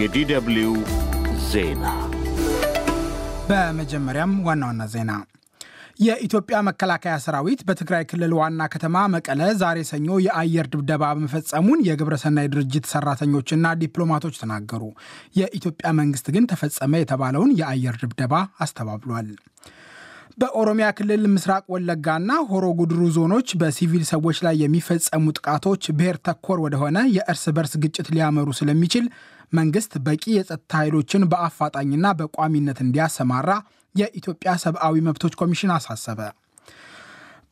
የዲደብልዩ ዜና በመጀመሪያም ዋና ዋና ዜና የኢትዮጵያ መከላከያ ሰራዊት በትግራይ ክልል ዋና ከተማ መቀለ ዛሬ ሰኞ የአየር ድብደባ መፈጸሙን የግብረሰናይ ድርጅት ሰራተኞችና ዲፕሎማቶች ተናገሩ። የኢትዮጵያ መንግስት ግን ተፈጸመ የተባለውን የአየር ድብደባ አስተባብሏል። በኦሮሚያ ክልል ምስራቅ ወለጋና ሆሮ ጉድሩ ዞኖች በሲቪል ሰዎች ላይ የሚፈጸሙ ጥቃቶች ብሔር ተኮር ወደሆነ የእርስ በርስ ግጭት ሊያመሩ ስለሚችል መንግስት በቂ የጸጥታ ኃይሎችን በአፋጣኝና በቋሚነት እንዲያሰማራ የኢትዮጵያ ሰብአዊ መብቶች ኮሚሽን አሳሰበ።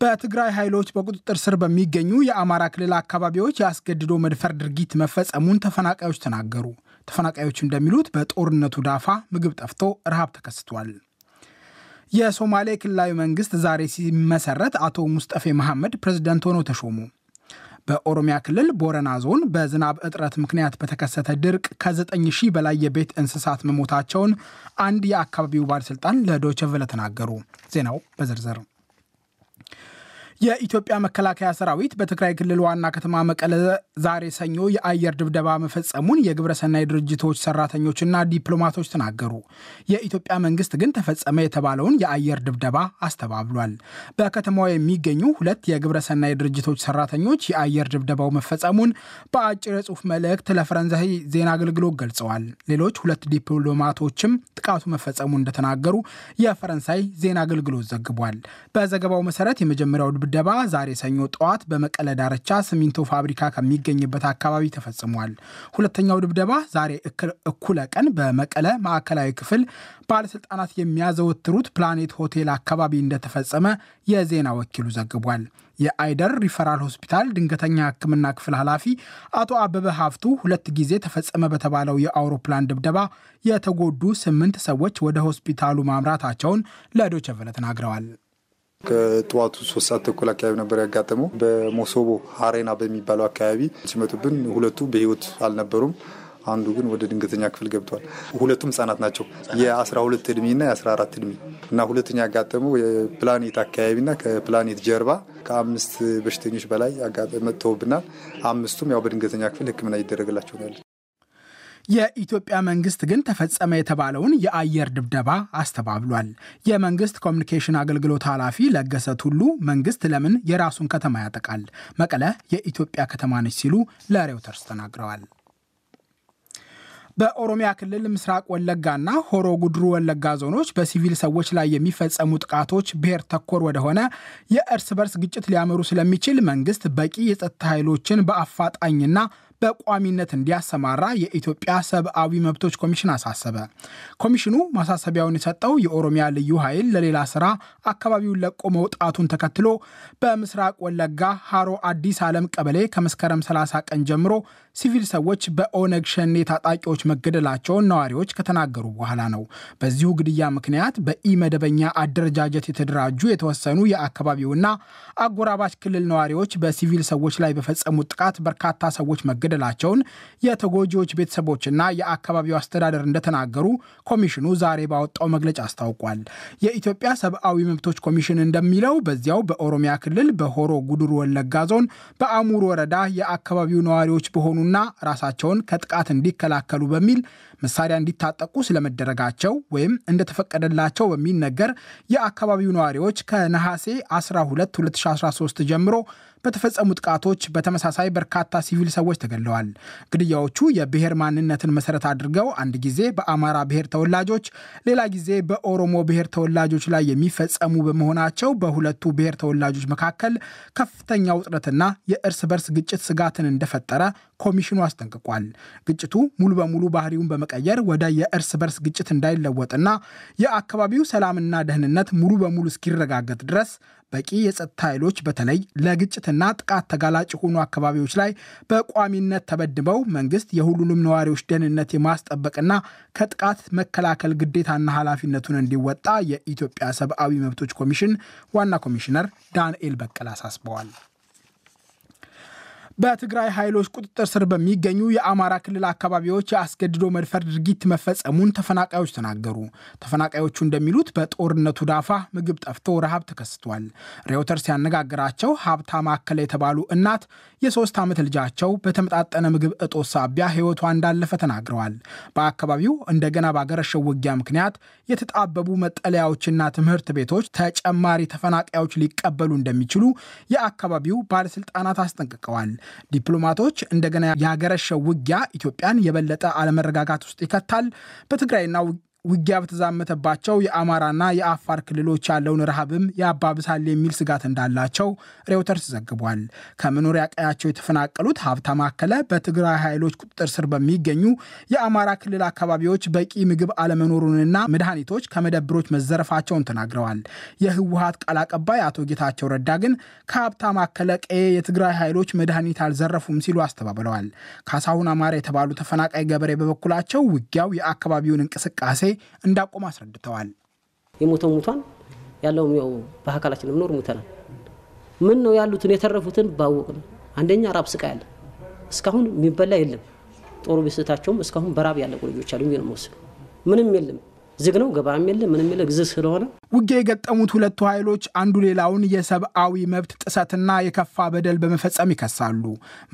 በትግራይ ኃይሎች በቁጥጥር ስር በሚገኙ የአማራ ክልል አካባቢዎች የአስገድዶ መድፈር ድርጊት መፈጸሙን ተፈናቃዮች ተናገሩ። ተፈናቃዮች እንደሚሉት በጦርነቱ ዳፋ ምግብ ጠፍቶ ረሃብ ተከስቷል። የሶማሌ ክልላዊ መንግስት ዛሬ ሲመሰረት አቶ ሙስጠፌ መሐመድ ፕሬዝደንት ሆነው ተሾሙ። በኦሮሚያ ክልል ቦረና ዞን በዝናብ እጥረት ምክንያት በተከሰተ ድርቅ ከዘጠኝ ሺህ በላይ የቤት እንስሳት መሞታቸውን አንድ የአካባቢው ባለሥልጣን ለዶይቸ ተናገሩ። ዜናው በዝርዝር የኢትዮጵያ መከላከያ ሰራዊት በትግራይ ክልል ዋና ከተማ መቀለ ዛሬ ሰኞ የአየር ድብደባ መፈጸሙን የግብረሰናይ ድርጅቶች ሰራተኞችና ዲፕሎማቶች ተናገሩ። የኢትዮጵያ መንግስት ግን ተፈጸመ የተባለውን የአየር ድብደባ አስተባብሏል። በከተማዋ የሚገኙ ሁለት የግብረሰናይ ድርጅቶች ሰራተኞች የአየር ድብደባው መፈጸሙን በአጭር የጽሑፍ መልእክት ለፈረንሳይ ዜና አገልግሎት ገልጸዋል። ሌሎች ሁለት ዲፕሎማቶችም ጥቃቱ መፈጸሙን እንደተናገሩ የፈረንሳይ ዜና አገልግሎት ዘግቧል። በዘገባው መሰረት የመጀመሪያው ድብደባ ዛሬ ሰኞ ጠዋት በመቀለ ዳርቻ ሲሚንቶ ፋብሪካ ከሚገኝበት አካባቢ ተፈጽሟል። ሁለተኛው ድብደባ ዛሬ እኩለ ቀን በመቀለ ማዕከላዊ ክፍል ባለስልጣናት የሚያዘወትሩት ፕላኔት ሆቴል አካባቢ እንደተፈጸመ የዜና ወኪሉ ዘግቧል። የአይደር ሪፈራል ሆስፒታል ድንገተኛ ሕክምና ክፍል ኃላፊ አቶ አበበ ሀፍቱ ሁለት ጊዜ ተፈጸመ በተባለው የአውሮፕላን ድብደባ የተጎዱ ስምንት ሰዎች ወደ ሆስፒታሉ ማምራታቸውን ለዶቸቨለ ተናግረዋል። ከጠዋቱ ሶስት ሰዓት ተኩል አካባቢ ነበር ያጋጠመው። በሞሶቦ አሬና በሚባለው አካባቢ ሲመጡብን ሁለቱ በህይወት አልነበሩም። አንዱ ግን ወደ ድንገተኛ ክፍል ገብቷል። ሁለቱም ህጻናት ናቸው የ12 እድሜና የ14 እድሜ እና ሁለተኛ ያጋጠመው የፕላኔት አካባቢና ከፕላኔት ጀርባ ከአምስት በሽተኞች በላይ መጥተውብናል። አምስቱም ያው በድንገተኛ ክፍል ህክምና ይደረግላቸው ያለ የኢትዮጵያ መንግስት ግን ተፈጸመ የተባለውን የአየር ድብደባ አስተባብሏል። የመንግስት ኮሚኒኬሽን አገልግሎት ኃላፊ ለገሰ ቱሉ መንግስት ለምን የራሱን ከተማ ያጠቃል? መቀለ የኢትዮጵያ ከተማ ነች ሲሉ ለሬውተርስ ተናግረዋል። በኦሮሚያ ክልል ምስራቅ ወለጋና ሆሮ ጉድሩ ወለጋ ዞኖች በሲቪል ሰዎች ላይ የሚፈጸሙ ጥቃቶች ብሔር ተኮር ወደሆነ የእርስ በርስ ግጭት ሊያመሩ ስለሚችል መንግስት በቂ የጸጥታ ኃይሎችን በአፋጣኝና በቋሚነት እንዲያሰማራ የኢትዮጵያ ሰብአዊ መብቶች ኮሚሽን አሳሰበ። ኮሚሽኑ ማሳሰቢያውን የሰጠው የኦሮሚያ ልዩ ኃይል ለሌላ ስራ አካባቢውን ለቆ መውጣቱን ተከትሎ በምስራቅ ወለጋ ሃሮ አዲስ ዓለም ቀበሌ ከመስከረም 30 ቀን ጀምሮ ሲቪል ሰዎች በኦነግ ሸኔ ታጣቂዎች መገደላቸውን ነዋሪዎች ከተናገሩ በኋላ ነው። በዚሁ ግድያ ምክንያት በኢመደበኛ አደረጃጀት የተደራጁ የተወሰኑ የአካባቢውና አጎራባች ክልል ነዋሪዎች በሲቪል ሰዎች ላይ በፈጸሙት ጥቃት በርካታ ሰዎች መገደላቸውን የተጎጂዎች ቤተሰቦችና የአካባቢው አስተዳደር እንደተናገሩ ኮሚሽኑ ዛሬ ባወጣው መግለጫ አስታውቋል። የኢትዮጵያ ሰብአዊ መብቶች ኮሚሽን እንደሚለው በዚያው በኦሮሚያ ክልል በሆሮ ጉድሩ ወለጋ ዞን በአሙር ወረዳ የአካባቢው ነዋሪዎች በሆኑ እንዲሆኑና ራሳቸውን ከጥቃት እንዲከላከሉ በሚል መሳሪያ እንዲታጠቁ ስለመደረጋቸው ወይም እንደተፈቀደላቸው በሚነገር የአካባቢው ነዋሪዎች ከነሐሴ 12 2013 ጀምሮ በተፈጸሙ ጥቃቶች በተመሳሳይ በርካታ ሲቪል ሰዎች ተገድለዋል። ግድያዎቹ የብሔር ማንነትን መሰረት አድርገው አንድ ጊዜ በአማራ ብሔር ተወላጆች፣ ሌላ ጊዜ በኦሮሞ ብሔር ተወላጆች ላይ የሚፈጸሙ በመሆናቸው በሁለቱ ብሔር ተወላጆች መካከል ከፍተኛ ውጥረትና የእርስ በርስ ግጭት ስጋትን እንደፈጠረ ኮሚሽኑ አስጠንቅቋል። ግጭቱ ሙሉ በሙሉ ባህሪውን በመቀየር ወደ የእርስ በርስ ግጭት እንዳይለወጥና የአካባቢው ሰላምና ደህንነት ሙሉ በሙሉ እስኪረጋገጥ ድረስ በቂ የጸጥታ ኃይሎች በተለይ ለግጭትና ጥቃት ተጋላጭ የሆኑ አካባቢዎች ላይ በቋሚነት ተበድበው መንግስት የሁሉንም ነዋሪዎች ደህንነት የማስጠበቅና ከጥቃት መከላከል ግዴታና ኃላፊነቱን እንዲወጣ የኢትዮጵያ ሰብአዊ መብቶች ኮሚሽን ዋና ኮሚሽነር ዳንኤል በቀለ አሳስበዋል። በትግራይ ኃይሎች ቁጥጥር ስር በሚገኙ የአማራ ክልል አካባቢዎች የአስገድዶ መድፈር ድርጊት መፈጸሙን ተፈናቃዮች ተናገሩ። ተፈናቃዮቹ እንደሚሉት በጦርነቱ ዳፋ ምግብ ጠፍቶ ረሃብ ተከስቷል። ሬውተርስ ያነጋገራቸው ሀብታ ማዕከል የተባሉ እናት የሶስት ዓመት ልጃቸው በተመጣጠነ ምግብ እጦት ሳቢያ ሕይወቷ እንዳለፈ ተናግረዋል። በአካባቢው እንደገና ባገረሸው ውጊያ ምክንያት የተጣበቡ መጠለያዎችና ትምህርት ቤቶች ተጨማሪ ተፈናቃዮች ሊቀበሉ እንደሚችሉ የአካባቢው ባለስልጣናት አስጠንቅቀዋል። ዲፕሎማቶች እንደገና ያገረሸው ውጊያ ኢትዮጵያን የበለጠ አለመረጋጋት ውስጥ ይከታል፣ በትግራይና ውጊያ በተዛመተባቸው የአማራና የአፋር ክልሎች ያለውን ረሃብም ያባብሳል የሚል ስጋት እንዳላቸው ሬውተርስ ዘግቧል። ከመኖሪያ ቀያቸው የተፈናቀሉት ሀብታ ማከለ በትግራይ ኃይሎች ቁጥጥር ስር በሚገኙ የአማራ ክልል አካባቢዎች በቂ ምግብ አለመኖሩንና መድኃኒቶች ከመደብሮች መዘረፋቸውን ተናግረዋል። የህወሀት ቃል አቀባይ አቶ ጌታቸው ረዳ ግን ከሀብታ ማከለ ቀዬ የትግራይ ኃይሎች መድኃኒት አልዘረፉም ሲሉ አስተባብለዋል። ካሳሁን አማራ የተባሉ ተፈናቃይ ገበሬ በበኩላቸው ውጊያው የአካባቢውን እንቅስቃሴ እንዳቆሙ አስረድተዋል። የሞተው ሙቷን ያለውም ያው በአካላችን ምኖር ሙተናል። ምን ነው ያሉትን የተረፉትን ባወቅ ነው። አንደኛ ራብ ስቃ ያለ እስካሁን የሚበላ የለም። ጦሩ ቤስታቸውም እስካሁን በራብ ያለቁ ልጆች አሉ ነው ምንም የለም። ዝግ ነው። ገበያም የለም። ምንም የለ ግዝ ስለሆነ ውጊያ የገጠሙት ሁለቱ ኃይሎች አንዱ ሌላውን የሰብአዊ መብት ጥሰትና የከፋ በደል በመፈጸም ይከሳሉ።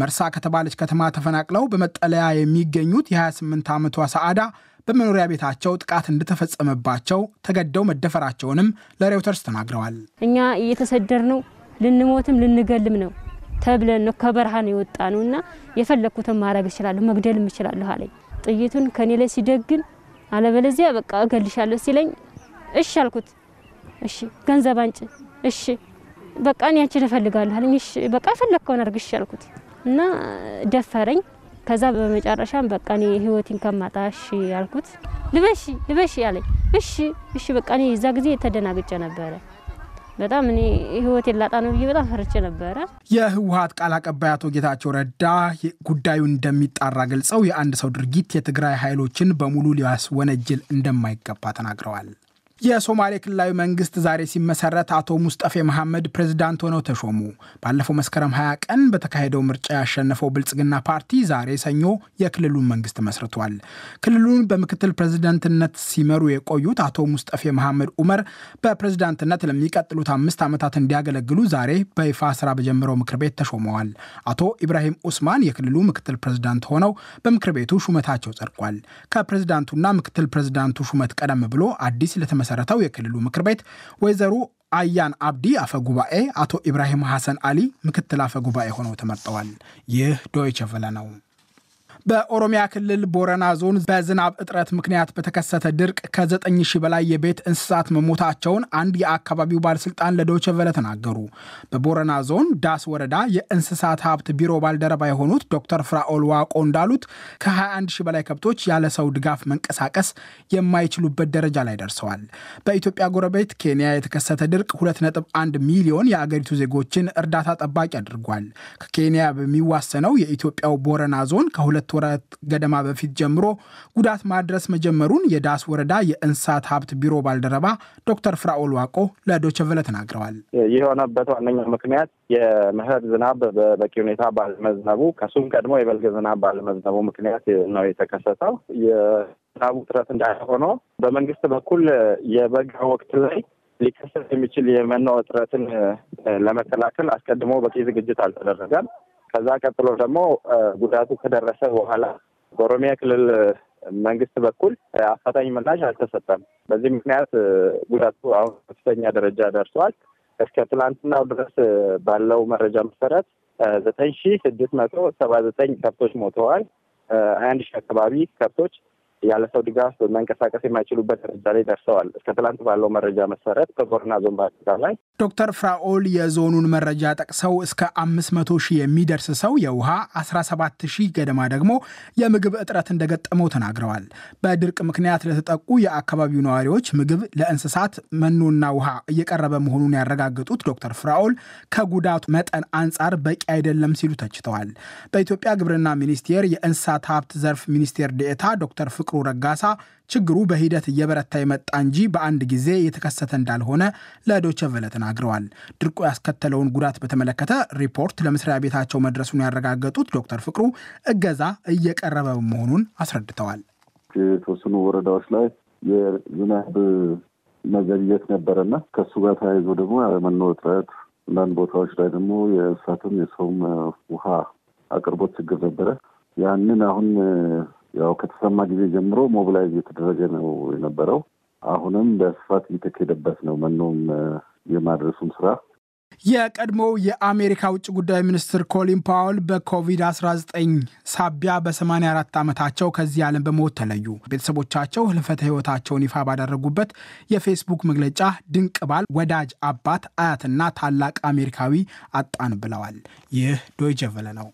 መርሳ ከተባለች ከተማ ተፈናቅለው በመጠለያ የሚገኙት የ28 ዓመቷ ሰዓዳ በመኖሪያ ቤታቸው ጥቃት እንደተፈጸመባቸው ተገደው መደፈራቸውንም ለሬውተርስ ተናግረዋል። እኛ እየተሰደር ነው ልንሞትም ልንገልም ነው ተብለን ነው ከበረሃ ነው የወጣ ነው እና የፈለግኩትን ማድረግ እችላለሁ መግደልም እችላለሁ አለኝ። ጥይቱን ከኔ ላይ ሲደግን አለበለዚያ በቃ እገልሻለሁ ሲለኝ እሺ አልኩት። እሺ ገንዘብ አንጭ፣ እሺ በቃ እኔ አንቺን እፈልጋለሁ አለኝ። እሺ በቃ የፈለግከውን አድርግ እሺ አልኩት እና ደፈረኝ። ከዛ በመጨረሻም በቃ እኔ ህይወቴን ከማጣ ያልኩት። ልበሺ ልበሺ ያለኝ እሺ እሺ በቃ እኔ የዛ ጊዜ ተደናግጨ ነበረ። በጣም እኔ ህይወቴን ላጣ ነው ብዬ በጣም ፈርቼ ነበረ። የህወሀት ቃል አቀባይ አቶ ጌታቸው ረዳ ጉዳዩን እንደሚጣራ ገልጸው የአንድ ሰው ድርጊት የትግራይ ኃይሎችን በሙሉ ሊያስወነጅል እንደማይገባ ተናግረዋል። የሶማሌ ክልላዊ መንግስት ዛሬ ሲመሰረት አቶ ሙስጠፌ መሐመድ ፕሬዝዳንት ሆነው ተሾሙ። ባለፈው መስከረም 20 ቀን በተካሄደው ምርጫ ያሸነፈው ብልጽግና ፓርቲ ዛሬ ሰኞ የክልሉን መንግስት መስርቷል። ክልሉን በምክትል ፕሬዝዳንትነት ሲመሩ የቆዩት አቶ ሙስጠፌ መሐመድ ኡመር በፕሬዝዳንትነት ለሚቀጥሉት አምስት ዓመታት እንዲያገለግሉ ዛሬ በይፋ ስራ በጀመረው ምክር ቤት ተሾመዋል። አቶ ኢብራሂም ኡስማን የክልሉ ምክትል ፕሬዝዳንት ሆነው በምክር ቤቱ ሹመታቸው ጸድቋል። ከፕሬዝዳንቱና ምክትል ፕሬዝዳንቱ ሹመት ቀደም ብሎ አዲስ ለተመሰ የመሰረተው የክልሉ ምክር ቤት ወይዘሮ አያን አብዲ አፈ ጉባኤ፣ አቶ ኢብራሂም ሐሰን አሊ ምክትል አፈ ጉባኤ ሆነው ተመርጠዋል። ይህ ዶይቸ ቨለ ነው። በኦሮሚያ ክልል ቦረና ዞን በዝናብ እጥረት ምክንያት በተከሰተ ድርቅ ከዘጠኝ ሺህ በላይ የቤት እንስሳት መሞታቸውን አንድ የአካባቢው ባለስልጣን ለዶይቼ ቬለ ተናገሩ። በቦረና ዞን ዳስ ወረዳ የእንስሳት ሀብት ቢሮ ባልደረባ የሆኑት ዶክተር ፍራኦል ዋቆ እንዳሉት ከ21 ሺህ በላይ ከብቶች ያለ ሰው ድጋፍ መንቀሳቀስ የማይችሉበት ደረጃ ላይ ደርሰዋል። በኢትዮጵያ ጎረቤት ኬንያ የተከሰተ ድርቅ 2.1 ሚሊዮን የአገሪቱ ዜጎችን እርዳታ ጠባቂ አድርጓል። ከኬንያ በሚዋሰነው የኢትዮጵያው ቦረና ዞን ከሁለት ከሁለት ወራት ገደማ በፊት ጀምሮ ጉዳት ማድረስ መጀመሩን የዳስ ወረዳ የእንስሳት ሀብት ቢሮ ባልደረባ ዶክተር ፍራኦል ዋቆ ለዶቸቨለ ተናግረዋል። የሆነበት ዋነኛ ምክንያት የመኸር ዝናብ በበቂ ሁኔታ ባለመዝነቡ ከሱም ቀድሞ የበልግ ዝናብ ባለመዝነቡ ምክንያት ነው የተከሰተው። የዝናቡ ጥረት እንዳለ ሆኖ በመንግስት በኩል የበጋ ወቅት ላይ ሊከሰት የሚችል የመኖ እጥረትን ለመከላከል አስቀድሞ በቂ ዝግጅት አልተደረገም። ከዛ ቀጥሎ ደግሞ ጉዳቱ ከደረሰ በኋላ በኦሮሚያ ክልል መንግስት በኩል አፋጣኝ ምላሽ አልተሰጠም። በዚህ ምክንያት ጉዳቱ አሁን ከፍተኛ ደረጃ ደርሷል። እስከ ትላንትናው ድረስ ባለው መረጃ መሰረት ዘጠኝ ሺህ ስድስት መቶ ሰባ ዘጠኝ ከብቶች ሞተዋል። አንድ ሺ አካባቢ ከብቶች ያለ ሰው ድጋፍ መንቀሳቀስ የማይችሉበት ደረጃ ላይ ደርሰዋል። እስከ ትላንት ባለው መረጃ መሰረት በቦረና ዞን በአጠቃላይ ዶክተር ፍራኦል የዞኑን መረጃ ጠቅሰው እስከ አምስት መቶ ሺህ የሚደርስ ሰው የውሃ አስራ ሰባት ሺህ ገደማ ደግሞ የምግብ እጥረት እንደገጠመው ተናግረዋል። በድርቅ ምክንያት ለተጠቁ የአካባቢው ነዋሪዎች ምግብ፣ ለእንስሳት መኖና ውሃ እየቀረበ መሆኑን ያረጋገጡት ዶክተር ፍራኦል ከጉዳቱ መጠን አንጻር በቂ አይደለም ሲሉ ተችተዋል። በኢትዮጵያ ግብርና ሚኒስቴር የእንስሳት ሀብት ዘርፍ ሚኒስቴር ዴኤታ ዶክተር ፍቅ ፍቅሩ ረጋሳ ችግሩ በሂደት እየበረታ የመጣ እንጂ በአንድ ጊዜ የተከሰተ እንዳልሆነ ለዶቸቨለ ተናግረዋል። ድርቁ ያስከተለውን ጉዳት በተመለከተ ሪፖርት ለመስሪያ ቤታቸው መድረሱን ያረጋገጡት ዶክተር ፍቅሩ እገዛ እየቀረበ መሆኑን አስረድተዋል። የተወሰኑ ወረዳዎች ላይ የዝናብ መዘግየት ነበረና ከሱ ጋር ተያይዞ ደግሞ መኖ እጥረት፣ አንዳንድ ቦታዎች ላይ ደግሞ የእንስሳትም የሰውም ውሃ አቅርቦት ችግር ነበረ። ያንን አሁን ያው ከተሰማ ጊዜ ጀምሮ ሞቢላይዝ እየተደረገ ነው የነበረው። አሁንም በስፋት እየተካሄደበት ነው። መኖም የማድረሱም ስራ የቀድሞው የአሜሪካ ውጭ ጉዳይ ሚኒስትር ኮሊን ፓውል በኮቪድ-19 ሳቢያ በ84 ዓመታቸው ከዚህ ዓለም በሞት ተለዩ። ቤተሰቦቻቸው ህልፈተ ህይወታቸውን ይፋ ባደረጉበት የፌስቡክ መግለጫ ድንቅ ባል፣ ወዳጅ፣ አባት፣ አያትና ታላቅ አሜሪካዊ አጣን ብለዋል። ይህ ዶይቸ ነው።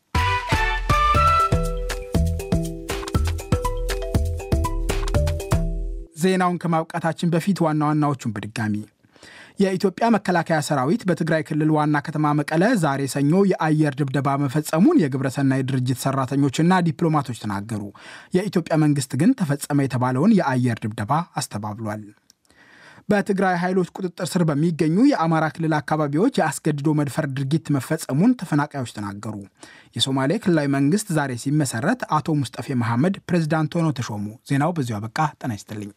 ዜናውን ከማብቃታችን በፊት ዋና ዋናዎቹን በድጋሚ የኢትዮጵያ መከላከያ ሰራዊት በትግራይ ክልል ዋና ከተማ መቀለ ዛሬ ሰኞ የአየር ድብደባ መፈጸሙን የግብረሰናይ ድርጅት ሰራተኞችና ዲፕሎማቶች ተናገሩ። የኢትዮጵያ መንግስት ግን ተፈጸመ የተባለውን የአየር ድብደባ አስተባብሏል። በትግራይ ኃይሎች ቁጥጥር ስር በሚገኙ የአማራ ክልል አካባቢዎች የአስገድዶ መድፈር ድርጊት መፈጸሙን ተፈናቃዮች ተናገሩ። የሶማሌ ክልላዊ መንግስት ዛሬ ሲመሰረት አቶ ሙስጠፌ መሐመድ ፕሬዝዳንት ሆነው ተሾሙ። ዜናው በዚሁ አበቃ። ጠና ይስጥልኝ።